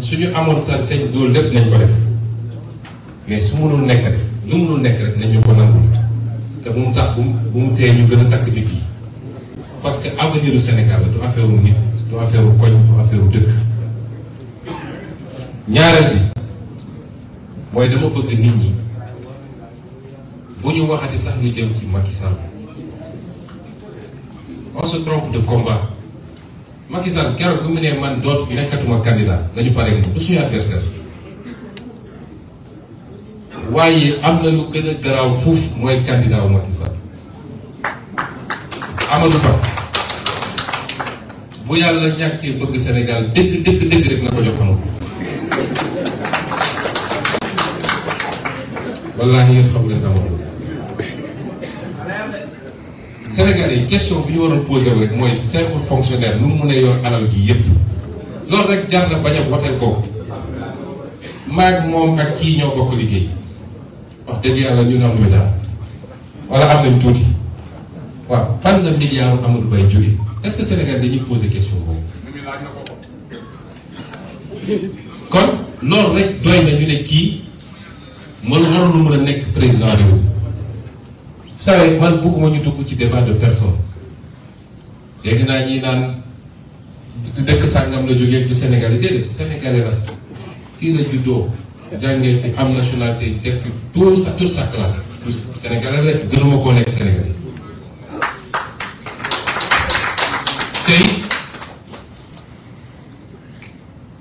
suñu amoon sa sañ loolu lépp nañ ko def mais su mënul nekk rek lu mënul nekk rek nañ ñu ko nangul te bu mu tax bu mu tee ñu gën a takk digg yi parce que avenir u Sénégal la du affaire nit du affaire koñ du affaire dëkk ñaareel bi mooy dama bëgg nit ñi bu ñu waxati sax lu jëm ci Macky Sall on se trompe de combat Macky Sall keroog bu mu nee man dootu nekkatuma candidat dañu pare moom du suñu adversaire waaye am na lu gën a garaaw fuuf mooy candidat wu Macky Sall Amadou bu yàlla ñàkkee bëgg Sénégal dëkk dëkk dëkk rek na ko jox Amadou wallaahi yéen xamu leen Amadou Sénégalais yi question bi ñu waroon posé rek mooy simple fonctionnaire nu mu mën a yor alal yépp loolu rek jar na bañ a voté ko maag moom ak kii ñoo bokk liggéey wax dëgg yàlla ñu ne amuñu dara wala am nañ tuuti waaw fan la milliard Amadou Baye jóge est Sénégal dañuy posé question boobu. kon loolu rek doy na ñu ne kii man war lu mën a nekk président réew savez man bëgguma ñu dugg ci débat de personne dégg ñi naan dëkk sàngam la jógee du Sénégalais déedéet Sénégalais la fii la jàngee fi am nationalité def fi tout sa toute sa classe tout Sénégalais la gënuma koo nekk Sénégalais tey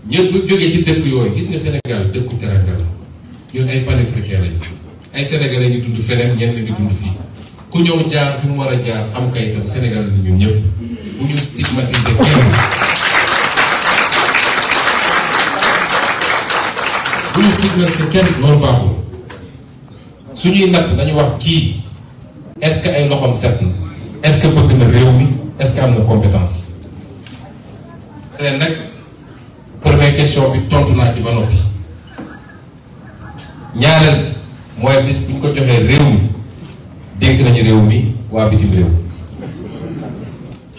ñëpp jógee ci dëkk yooyu gis nga Sénégal dëkku teranga la ñun ay panafricains lañu ay sénégalais yu dund feneen ñenn ñu dund fii ku ñëw jaar fi mu war a jaar am kayitam sénégalais la ñun ñëpp bu ñu stigmatisé kenn. bu ñu stigmatisé kenn loolu baaxul suñuy natt dañu wax kii est-ce que ay loxoom set na est-ce que bëgg réew mi est am na compétence yi. nag première question tontu naa ci ba noppi ñaareel. waaye bis bu ko joxee réew mi dénk nañu réew mi waa bitim réew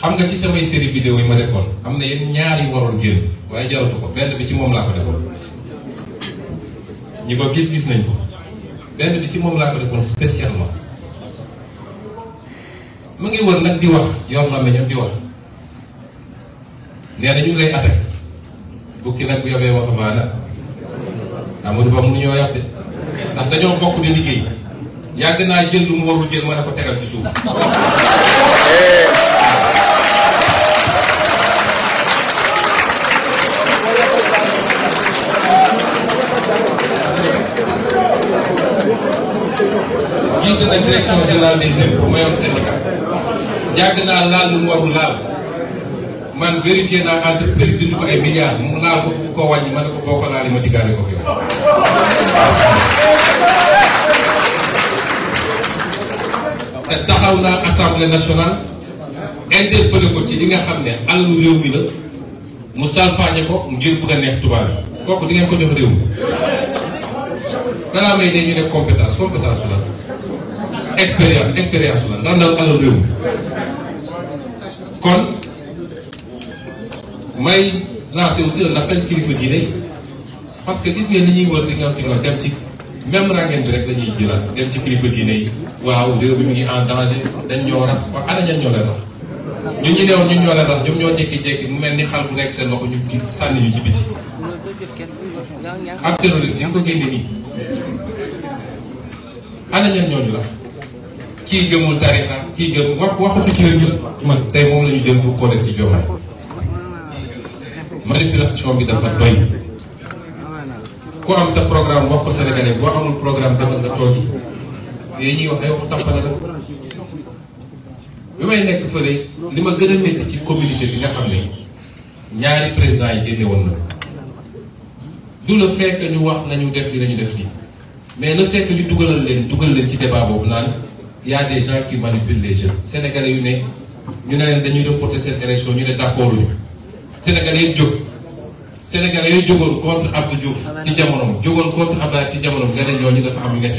xam nga ci samay série vidéo yi ma defoon am na yenn ñaar yu waroon génn waaye jaratu ko benn bi ci moom laa ko defoon ñi gis-gis nañ ko benn bi ci moom laa ko defoon spécialement mu ngi nag di wax yor na meñam di wax nee na ñu ngi lay attaqué bukki nag bu yobee waxambaana Ba mënu ñoo yàpp ndax dañoo bokk di liggéey yàgg naa jël lu warul jël ma ne ko tegal ci suuf. jiite na direction générale des impôts ma yor syndicat yàgg naa laal lu warul laal man vérifié naa entreprise bi ñu ko ay milliards mu laal ko ko wàññi ma ne ko boo ko laalee ma diggaale ko yow. te taxaw naa assemblée nationale interpellé ko ci li nga xam ne alalu réew mi la mu salfaañe ko ngir bëgg a neex tubaab yi kooku di ko jox réew mi danaa may ne ñu ne compétence compétence la expérience expérience la ndax ndaw alalu réew mi kon may lancer aussi un appel kilifa diine parce que gis ngeen li ñuy wër di nga di nga ci même ràngeen bi rek lañuy jëlaat dem ci kilifa diine yi waaw réew bi mu ngi en dañ ñoo rax wax ana ñan ñoo leen rax ñun ñi neewoon ñoo leen rax ñoom ñoo jékki-jékki mu mel ni xal bu nekk seen loxo ñu gi sànni ñu ci biti ak terroriste ñu ngi ko génne nii ana ñan ñoo ñu rax kii gëmul tarixa kii gëm wax waxatu ci réew mi tey moom lañu jël bu ko def ci jomaay manipulation bi dafa doy ku am sa programme wax ko sénégalais boo amul programme demal nga toog yi ñuy bi may nekk fële li ma gën a métti ci communauté bi nga xam ne ñaari président yi génne woon na du le fait ñu wax nañu def li nañu def li mais le fait que ñu dugalal leen dugal leen ci débat boobu naan y a des gens qui manipulent les jeunes sénégalais yu ne ñu ne leen dañuy reporter seen élection ñu ne d'accord uñu sénégalais yëpp sénégal Sénégalais yooyu jógoon contre Abdou Diouf ci jamonoom jógoon contre Abdoulaye ci jamonoom nga ne ñooñu dafa am lu ne